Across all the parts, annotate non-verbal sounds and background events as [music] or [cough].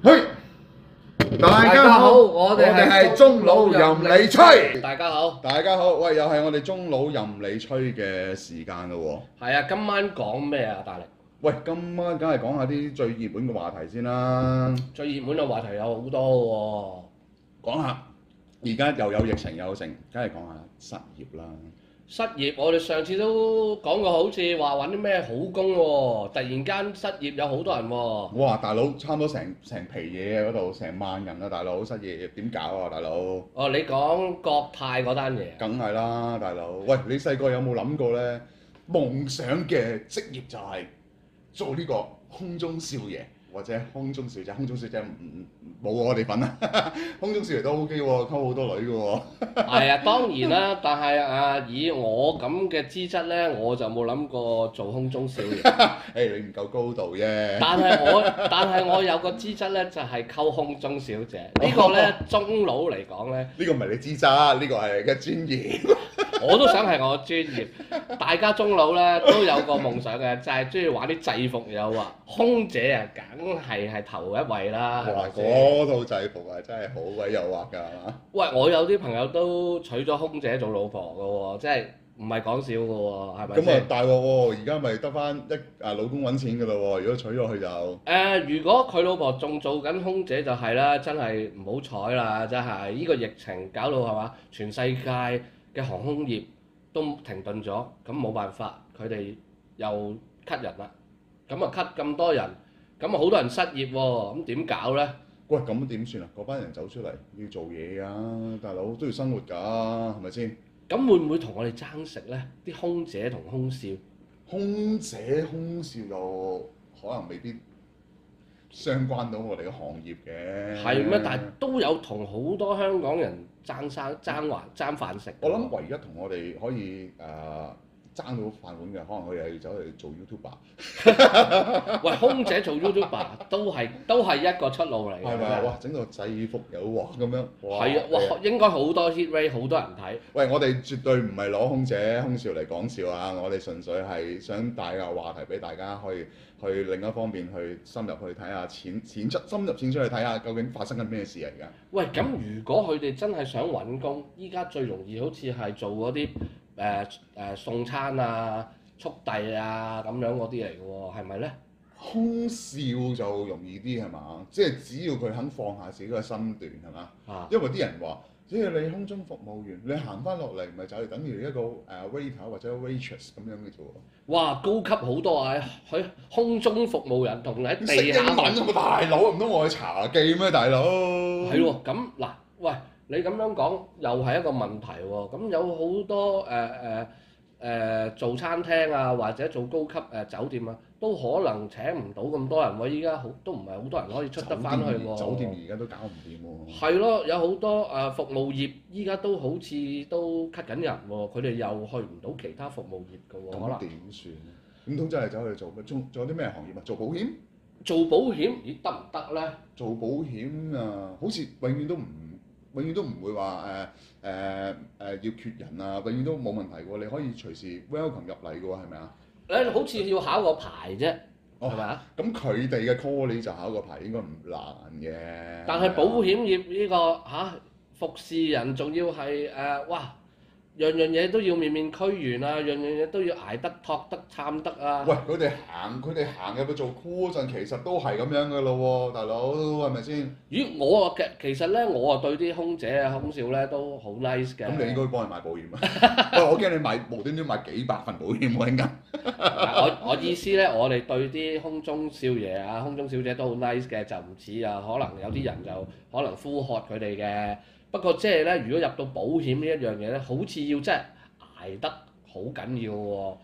嘿，大家好，我哋係中佬任你吹。大家好，大家好，喂，又係我哋中佬任你吹嘅時間咯喎、哦。係啊，今晚講咩啊，大力？喂，今晚梗係講下啲最熱門嘅話題先啦。最熱門嘅話題有好多嘅、啊，講下，而家又有疫情又有成，梗係講下失業啦。失業，我哋上次都講過，好似話揾啲咩好工喎、啊。突然間失業，有好多人喎、啊。哇！大佬，差唔多成成皮嘢嗰度，成萬人啊！大佬失業點搞啊？大佬。哦，你講國泰嗰單嘢。梗係啦，大佬。喂，你細個有冇諗過呢？夢想嘅職業就係做呢個空中少爺。或者空中小姐，空中小姐唔冇我哋份啊！ [laughs] 空中少爺都 O K 喎，溝好多女嘅喎、哦。係啊，當然啦，但係啊，以我咁嘅資質呢，我就冇諗過做空中少爺。誒 [laughs] ，hey, 你唔夠高度啫。 [laughs] [laughs] [laughs] 但係我，但係我有個資質呢，就係、是、溝空中小姐。呢、這個呢， [laughs] 中佬嚟講呢，呢 [laughs] 個唔係你資質，呢、這個係你嘅尊嚴。我都想係我專業，大家中佬呢都有個夢想嘅，就係中意玩啲制服誘惑啊，空姐啊，梗係係頭一位啦。嗰套哇吧制服啊，真係好鬼誘惑㗎，喂，我有啲朋友都娶咗空姐做老婆嘅喎、哦，即係唔係講笑嘅喎、哦，係咪？咁啊大鑊喎，而家咪得返一啊老公揾錢嘅咯喎，如果娶咗佢就誒、呃，如果佢老婆仲做緊空姐就係啦，真係唔好彩啦，真係呢、這個疫情搞到係嘛，全世界。嘅航空業都停頓咗，咁冇辦法，佢哋又 cut 人啦，咁啊 cut 咁多人，咁啊好多人失業喎，咁點搞呢？喂，咁點算啊？嗰班人走出嚟要做嘢啊，大佬都要生活㗎，係咪先？咁會唔會同我哋爭食呢？啲空姐同空少，空姐空少就可能未必。相關到我哋嘅行業嘅，係咩？但係都有同好多香港人爭生爭還爭飯食。我諗唯一同我哋可以誒。呃爭到飯碗嘅，可能佢又要走去做 YouTuber。 [laughs] [laughs] 喂，空姐做 YouTuber 都係 [laughs] 都係一個出路嚟嘅。係咪？哇！整到制服誘惑咁樣。係啊！哇，的呃、應該好多 hit rate，好多人睇。喂，我哋絕對唔係攞空姐、空少嚟講笑啊！我哋純粹係想帶個話題俾大家，可以去另一方面去深入去睇下淺淺出、深入淺出去睇下究竟發生緊咩事嚟㗎？喂，咁如果佢哋真係想揾工，依家最容易好似係做嗰啲。誒誒、呃呃、送餐啊、速遞啊咁樣嗰啲嚟嘅喎，係咪咧？空少就容易啲係嘛？即係只要佢肯放下自己嘅身段係嘛？啊！因為啲人話，只要你空中服務員，你行翻落嚟咪就係等於一個誒、uh, waiter 或者 waitress 咁樣嘅啫。哇！高級好多啊！喺空中服務人同喺地。識英文，大佬唔通我去茶記咩？大佬。係喎，咁嗱，喂。你咁樣講又係一個問題喎、啊。咁有好多誒誒誒做餐廳啊，或者做高級誒、呃、酒店啊，都可能請唔到咁多人喎。依家好都唔係好多人可以出得翻去喎、啊。酒店而家都搞唔掂喎。係咯，有好多誒、呃、服務業，依家都好似都 cut 緊人喎、啊。佢哋又去唔到其他服務業嘅喎、啊。咁點算？唔能、嗯、通真係走去做咩？做啲咩行業啊？做保險？做保險，你得唔得呢？做保險啊，好似永遠都唔～永遠都唔會話誒誒誒要缺人啊，永遠都冇問題嘅喎，你可以隨時 welcome 入嚟嘅喎，係咪啊？誒好似要考個牌啫，係咪啊？咁佢哋嘅 call 你就考個牌應該唔難嘅。但係保險業呢個吓、啊、服侍人仲要係誒、呃、哇！樣樣嘢都要面面俱圓啊，樣樣嘢都要捱得、託得、撐得啊。喂，佢哋行，佢哋行入去做僕嗰陣，其實都係咁樣嘅咯喎，大佬，係咪先？咦，我啊，其其實咧，我啊對啲空姐啊、空少咧都好 nice 嘅。咁你應該幫人買保險啊？喂，我驚你買無端端買幾百份保險喎，你啱。我我意思咧，我哋對啲空中少爺啊、空中小姐都好 nice 嘅，就唔似啊，可能有啲人就可能呼喝佢哋嘅。不過即係咧，如果入到保險呢一樣嘢咧，好似要即係捱得好緊要喎、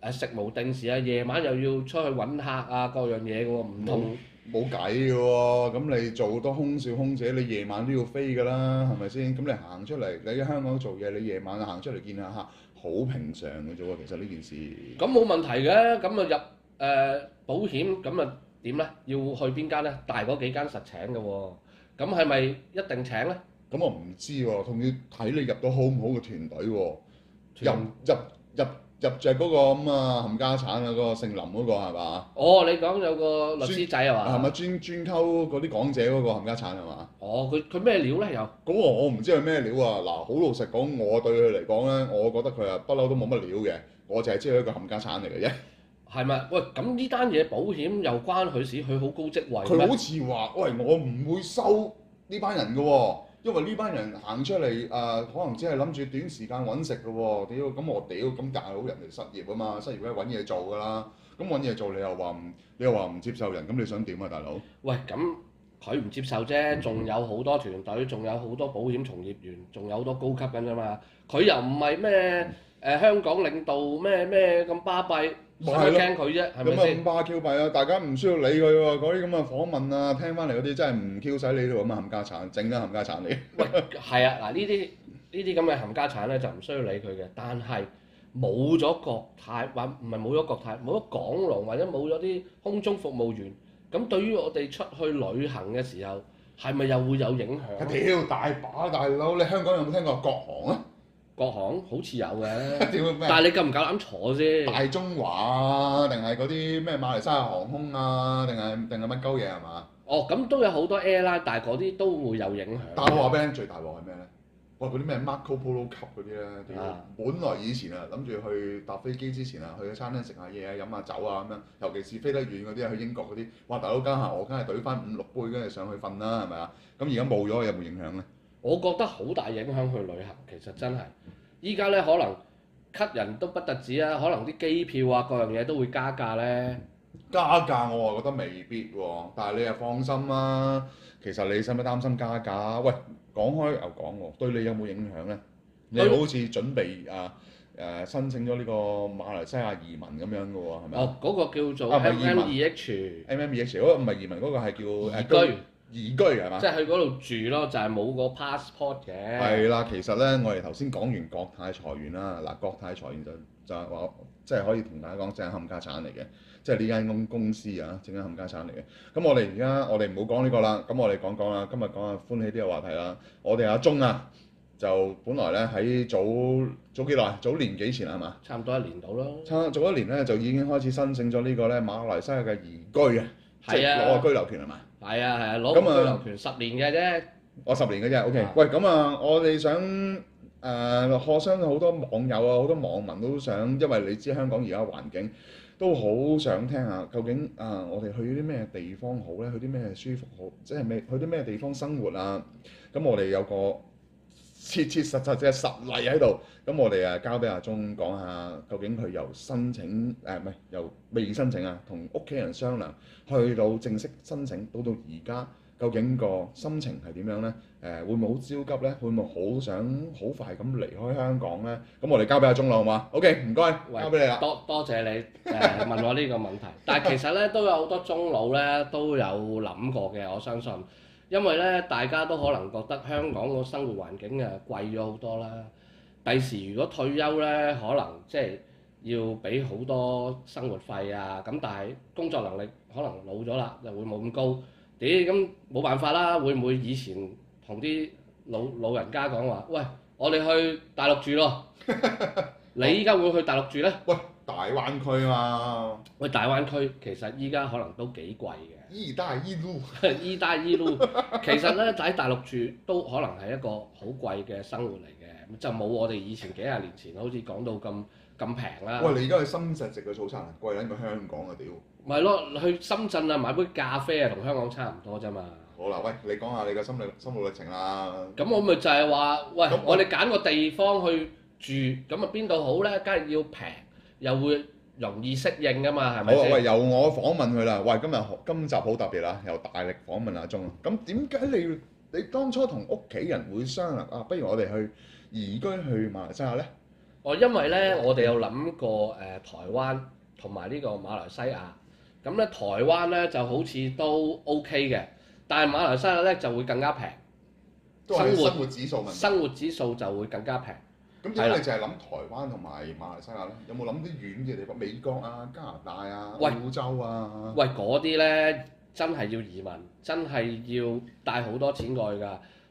啊。食無定時啊，夜晚又要出去揾客啊，各樣嘢嘅喎，唔同。冇計嘅喎，咁、啊、你做多空少空姐，你夜晚都要飛㗎啦、啊，係咪先？咁你行出嚟，你喺香港做嘢，你夜晚行出嚟見下客，好平常嘅啫喎。其實呢件、啊、件事。咁冇問題嘅，咁啊入誒、呃、保險，咁啊點呢？要去邊間呢？大嗰幾間實請嘅喎、啊，咁係咪一定請呢？咁、嗯、我唔知喎，仲要睇你入到好唔好嘅團隊喎、哦團。入入入入著嗰個咁、嗯、啊，冚家鏟啊，嗰個姓林嗰個係嘛？哦，你講有個律師仔係嘛？係咪專專溝嗰啲港姐嗰個冚家鏟係嘛？哦，佢佢咩料咧？又嗰個我唔知佢咩料啊！嗱，好老實講，我對佢嚟講咧，我覺得佢啊不嬲都冇乜料嘅。我就係知佢一個冚家鏟嚟嘅啫。係咪？喂，咁呢單嘢保險又關佢事？佢好高職位。佢好似話：喂，我唔會收呢班人嘅喎。因為呢班人行出嚟誒、呃，可能只係諗住短時間揾食嘅喎，屌、呃、咁我屌咁搞到人哋失業啊嘛，失業梗係揾嘢做㗎啦，咁揾嘢做，你又話唔你又話唔接受人，咁你想點啊，大佬？喂，咁佢唔接受啫，仲有好多團隊，仲有好多保險從業員，仲有好多高級緊啫嘛，佢又唔係咩誒香港領導咩咩咁巴閉。冇唔係咯，咁啊唔怕 Q 幣啊！大家唔需要理佢喎、啊，嗰啲咁嘅訪問啊，聽翻嚟嗰啲真係唔 Q 使理到啊！冚家產，整啊冚家產嚟。喂，係啊，嗱呢啲呢啲咁嘅冚家產咧就唔需要理佢嘅，但係冇咗國泰或唔係冇咗國泰，冇咗港龍或者冇咗啲空中服務員，咁對於我哋出去旅行嘅時候，係咪又會有影響？屌大把大佬，你香港有冇聽過國航啊？國航好似有嘅， [laughs] 麼但係你夠唔夠膽坐先？大中華啊，定係嗰啲咩馬來西亞航空啊，定係定係乜鳩嘢係嘛？哦，咁都有好多 Air 啦，但係嗰啲都會有影響啊。但係我話俾你聽，最大鑊係咩咧？哇的我話嗰啲咩 Marco Polo 級嗰啲咧，本來以前啊諗住去搭飛機之前啊，去個餐廳食下嘢啊，飲下酒啊咁樣，尤其是飛得遠嗰啲啊，去英國嗰啲，哇！大佬，間下我，梗係攤翻五六杯，跟住上去瞓啦，係咪啊？咁而家冇咗，有冇影響咧？我覺得好大影響去旅行，其實真係依家呢，可能吸人都不特止啊，可能啲機票啊各樣嘢都會加價呢。加價、啊、我話覺得未必喎、啊，但係你又放心啦、啊。其實你使唔使擔心加價、啊、喂，講開又講喎，對你有冇影響呢？你好似準備啊誒申請咗呢個馬來西亞移民咁樣嘅喎、啊，係咪哦，嗰、啊嗰個叫做 M M E H。M M E H 嗰個唔係移民嗰、嗰個係叫移居。啊移居係嘛？即係去嗰度住咯，就係、是、冇個 passport 嘅。係啦，其實咧，我哋頭先講完國泰財源啦，嗱，國泰裁員就就係話即係可以同大家講，正係冚家產嚟嘅，即係呢間公司啊，正係冚家產嚟嘅。咁我哋而家我哋唔好講呢個啦，咁我哋講講啦，今日講下歡喜啲嘅話題啦。我哋阿鐘啊，就本來咧喺早早幾耐，早年幾前係嘛？差唔多一年到咯。差早，早一年咧，就已經開始申請咗呢個咧馬來西亞嘅移居啊，係啊的，攞個居留權係嘛？係啊係啊，攞咁啊，十啊、哦，十年嘅啫。我十年嘅啫，OK、啊。喂，咁啊，我哋想誒，h u 好多網友啊，好多網民都想，因為你知香港而家環境都好想聽下，究竟啊，我哋去啲咩地方好咧？去啲咩舒服好？即係咩？去啲咩地方生活啊？咁我哋有個，切切實實即係實,實,實例喺度，咁我哋誒交俾阿鐘講下，究竟佢由申請誒唔係由未申請啊，同屋企人商量，去到正式申請，到到而家，究竟個心情係點樣呢？誒、呃，會唔會好焦急呢？會唔會好想好快係咁離開香港呢？咁我哋交俾阿鐘佬好嘛？OK，唔該，喂交俾你啦。多多謝你誒、呃、問我呢個問題， [laughs] 但係其實呢，都有好多中佬呢，都有諗過嘅，我相信。因為咧，大家都可能覺得香港個生活環境啊貴咗好多啦。第時如果退休咧，可能即係要俾好多生活費啊。咁但係工作能力可能老咗啦，就會冇咁高。咦、哎，咁冇辦法啦。會唔會以前同啲老老人家講話，喂，我哋去大陸住咯。 [laughs] 你依家會唔會去大陸住咧？ [laughs] 喂大灣區啊嘛！喂，大灣區其實依家可能都幾貴嘅。一帶一路，一帶一路，其實咧喺大陸住都可能係一個好貴嘅生活嚟嘅，就冇我哋以前幾廿年前好似講到咁咁平啦。喂，你而家去深圳食個早餐貴撚過香港啊屌！咪咯，去深圳啊買杯咖啡啊同香港差唔多啫嘛。好啦，喂，你講下你嘅心路心路歷程啦。咁我咪就係話，喂，我哋揀個地方去住，咁啊邊度好咧？梗係要平。又會容易適應㗎嘛，係咪先？好啊，喂，由我訪問佢啦。喂，今日今集好特別啦，由大力訪問阿鍾。咁點解你你當初同屋企人會商量啊？不如我哋去移居去馬來西亞呢？哦，因為呢，我哋有諗過誒、呃，台灣同埋呢個馬來西亞。咁呢，台灣呢就好似都 OK 嘅，但係馬來西亞呢就會更加平，生活指數問生活指數就會更加平。咁睇係你就係諗台灣同埋馬來西亞啦，有冇諗啲遠嘅地方？美國啊、加拿大啊、喂澳洲啊？喂，嗰啲呢，真係要移民，真係要帶好多錢過去㗎。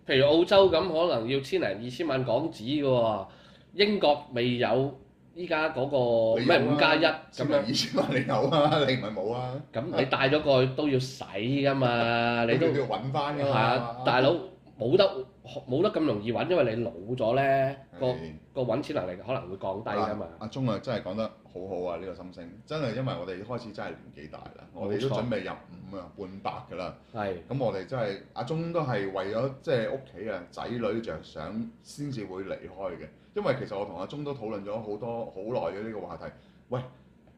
譬如澳洲咁，可能要千零二千萬港紙嘅喎。英國未有依家嗰個咩五加一？咁二千萬你有啊？你唔係冇啊？咁你，啊、你帶咗過去都要使㗎嘛？ [laughs] 你都你要揾翻㗎啊，大佬。冇得冇得咁容易揾，因為你老咗咧的，個個揾錢能力可能會降低嘛啊嘛。阿忠啊，真係講得好好啊！呢個心聲真係因為我哋開始真係年紀大啦，錯我哋都準備入五啊半百噶啦。係的。咁我哋真係阿忠都係為咗即係屋企啊仔女着想先至會離開嘅。因為其實我同阿忠都討論咗好多好耐嘅呢個話題。喂，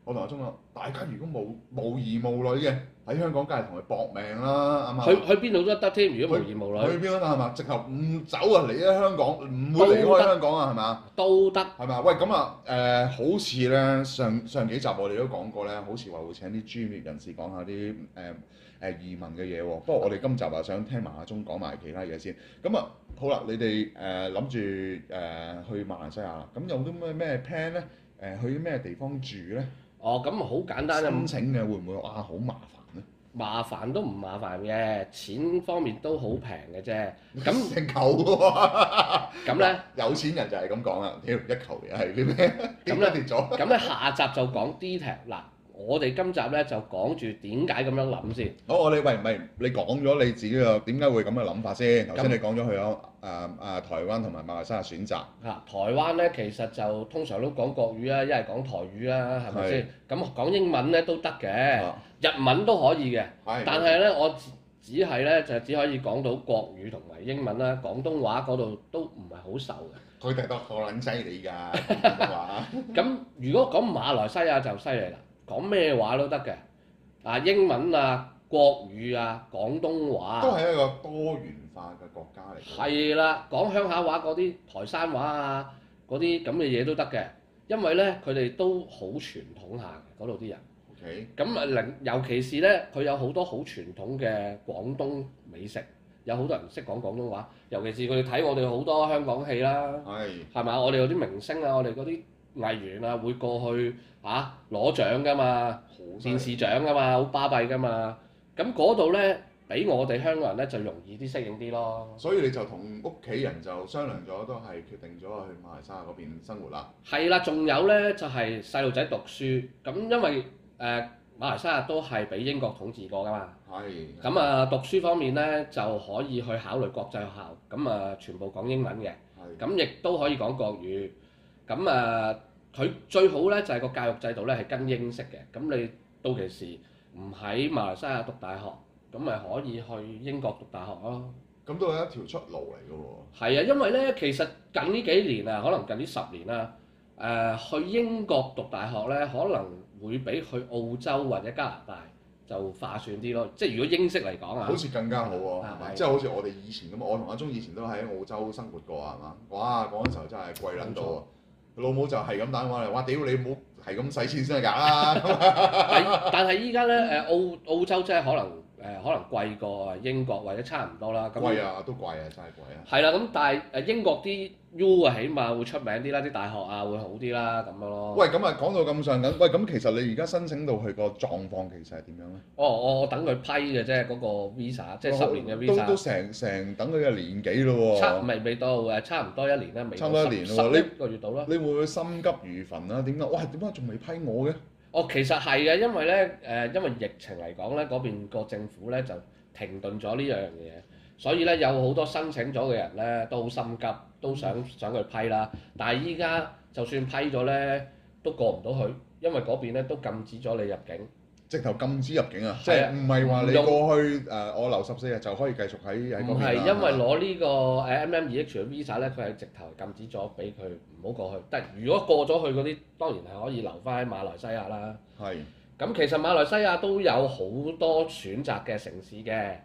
我同阿忠講，大家如果冇冇兒冇女嘅。喺香港梗係同佢搏命啦，係嘛？去去邊度都得添，如果冇緣無故，去邊都得係嘛？直頭唔走啊！嚟咗香港，唔會離開香港啊，係嘛？都得係嘛？喂，咁啊誒，好似咧上上幾集我哋都講過咧，好似話會請啲專業人士講下啲誒誒移民嘅嘢喎。不過我哋今集啊想聽阿鐘講埋其他嘢先。咁啊好啦，你哋誒諗住誒去馬來西亞，咁有啲咩咩 plan 咧？誒、呃、去啲咩地方住咧？哦，咁啊好簡單申請嘅，會唔會哇好、啊、麻煩？麻煩都唔麻煩嘅，錢方面都好平嘅啫。咁成球喎，咁咧有錢人就係咁講啦，屌一球嘢係啲咩？咁咧跌咗，咁咧 [laughs] [laughs] 下集就講 detail 嗱。我哋今集咧就講住點解咁樣諗先。好、哦，我你喂唔係你講咗你自己啊點解會咁嘅諗法先？頭先你講咗佢有啊啊台灣同埋馬來西亞選擇。嚇，台灣咧其實就通常都講國語啦，一係講台語啦，係咪先？咁是講英文咧都得嘅，啊、日文都可以嘅。的但係咧，我只係咧就只可以講到國語同埋英文啦，廣東話嗰度都唔係好受嘅。佢哋都好撚犀利㗎，咁如果講馬來西亞就犀利啦。講咩話都得嘅，啊英文啊國語啊廣東話、啊，都係一個多元化嘅國家嚟。係啦，講鄉下話嗰啲台山話啊，嗰啲咁嘅嘢都得嘅，因為呢，佢哋都好傳統下，嗰度啲人。O K。咁啊，尤其是呢，佢有好多好傳統嘅廣東美食，有好多人唔識講廣東話，尤其是佢哋睇我哋好多香港戲啦，係咪啊？我哋嗰啲明星啊，我哋嗰啲。藝員啊，會過去嚇攞獎噶嘛，電視獎噶嘛，好巴閉噶嘛。咁嗰度呢，比我哋香港人呢就容易啲適應啲咯。所以你就同屋企人就商量咗，都係決定咗去馬來西亞嗰邊生活啦。係啦，仲有呢，就係細路仔讀書，咁因為誒、呃、馬來西亞都係俾英國統治過噶嘛。係的。咁啊，讀書方面呢，就可以去考慮國際學校，咁啊全部講英文嘅。係的。咁亦都可以講國語。咁誒，佢、嗯、最好咧就係個教育制度咧係跟英式嘅，咁你到其時唔喺馬來西亞讀大學，咁咪可以去英國讀大學咯。咁都係一條出路嚟嘅喎。係啊，因為咧其實近呢幾年啊，可能近呢十年啦，誒、呃、去英國讀大學咧可能會比去澳洲或者加拿大就划算啲咯。即係如果英式嚟講啊，好似更加好喎，係嘛？即係好似我哋以前咁，我同阿鐘以前都喺澳洲生活過啊，係嘛？哇，嗰陣時候真係貴撚到。老母就係咁打電話嚟，哇屌你冇係咁使錢先得㗎啦！ [laughs] [laughs] 但但係依家咧，誒，澳澳洲真係可能。誒、呃、可能貴過英國，或者差唔多啦。咁貴啊，都貴啊，真係貴啊！係啦、啊，咁但係誒英國啲 U 啊，起碼會出名啲啦，啲大學啊會好啲啦，咁樣咯。喂，咁啊講到咁上緊，喂，咁其實你而家申請到佢個狀況其實係點樣咧？哦，我等佢批嘅啫，嗰、那個 Visa，即係十年嘅 Visa。都成成等佢嘅年幾咯喎？未未到誒，差唔多一年啦，未。差唔多一年咯喎，十一個月到啦。你會唔會心急如焚啊？點解？哇！點解仲未批我嘅？哦，其實係嘅，因為呢，誒、呃，因為疫情嚟講呢，嗰邊個政府呢就停頓咗呢樣嘢，所以呢，有好多申請咗嘅人呢都好心急，都想想去批啦。但係依家就算批咗呢，都過唔到去，因為嗰邊呢都禁止咗你入境。直頭禁止入境啊！即係唔係話你過去誒用、呃，我留十四日就可以繼續喺喺嗰邊？係因為攞、MM、呢個誒 MM2H Visa 咧，佢係直頭禁止咗俾佢唔好過去。但如果過咗去嗰啲，當然係可以留翻喺馬來西亞啦。係是。咁其實馬來西亞都有好多選擇嘅城市嘅。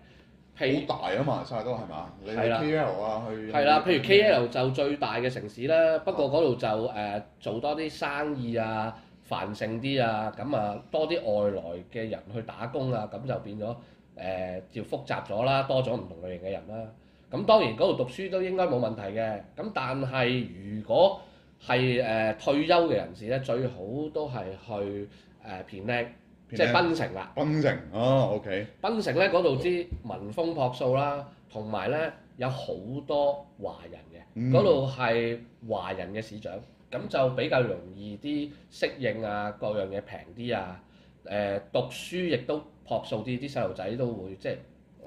譬好大啊！馬來西亞都係嘛？的你 K L 啊？去。係啦，譬如 K L 就最大嘅城市啦，啊、不過嗰度就誒、呃、做多啲生意啊。繁盛啲啊，咁啊多啲外來嘅人去打工啊，咁就變咗誒就複雜咗啦，多咗唔同類型嘅人啦。咁當然嗰度讀書都應該冇問題嘅。咁但係如果係誒、呃、退休嘅人士呢，最好都係去誒片叻，呃、Penang, n 即係檳城啦。檳城哦，OK。檳城呢嗰度啲民風樸素啦，同埋呢，有好多華人嘅，嗰度係華人嘅市長。咁就比較容易啲適應啊，各樣嘢平啲啊，誒、呃、讀書亦都樸素啲，啲細路仔都會即係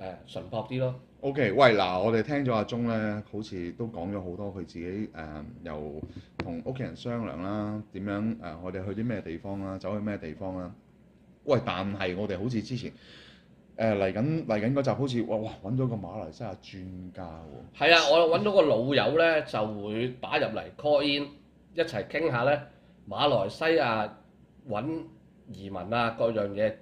誒淳樸啲咯。O、okay, K，喂嗱，我哋聽咗阿鐘咧，好似都講咗好多佢自己誒、呃，又同屋企人商量啦，點樣誒、呃，我哋去啲咩地方啊，走去咩地方啊。喂，但係我哋好似之前嚟緊嚟緊嗰集好，好似哇哇揾咗個馬來西亞專家喎。係啊，我揾到個老友咧，就會打入嚟 call in 一齊傾下咧，馬來西亞揾移民啊，各樣嘢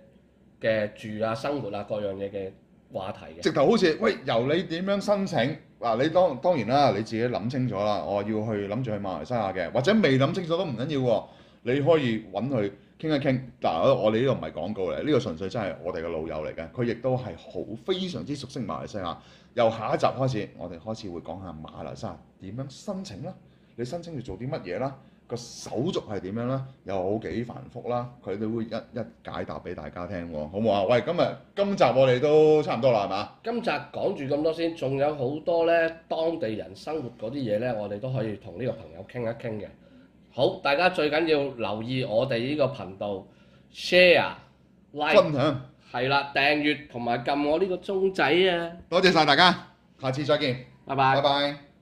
嘅住啊、生活啊，各樣嘢嘅話題。直頭好似喂，由你點樣申請嗱、啊？你當當然啦，你自己諗清楚啦。我、哦、要去諗住去馬來西亞嘅，或者未諗清楚都唔緊要喎、啊。你可以揾佢傾一傾。但我哋呢個唔係廣告嚟，呢、呢個純粹真係我哋嘅老友嚟嘅。佢亦都係好非常之熟悉馬來西亞。由下一集開始，我哋開始會講下馬來西亞點樣申請啦。你申請要做啲乜嘢啦？個手續係點樣啦？又好幾繁複啦，佢哋會一一解答俾大家聽喎，好唔好啊？喂，今日今集我哋都差唔多啦，係嘛？今集講住咁多先，仲有好多呢當地人生活嗰啲嘢呢，我哋都可以同呢個朋友傾一傾嘅。好，大家最緊要留意我哋呢個頻道，share 分享，係啦，訂閱同埋撳我呢個鐘仔啊！多謝晒大家，下次再見，拜拜，拜拜。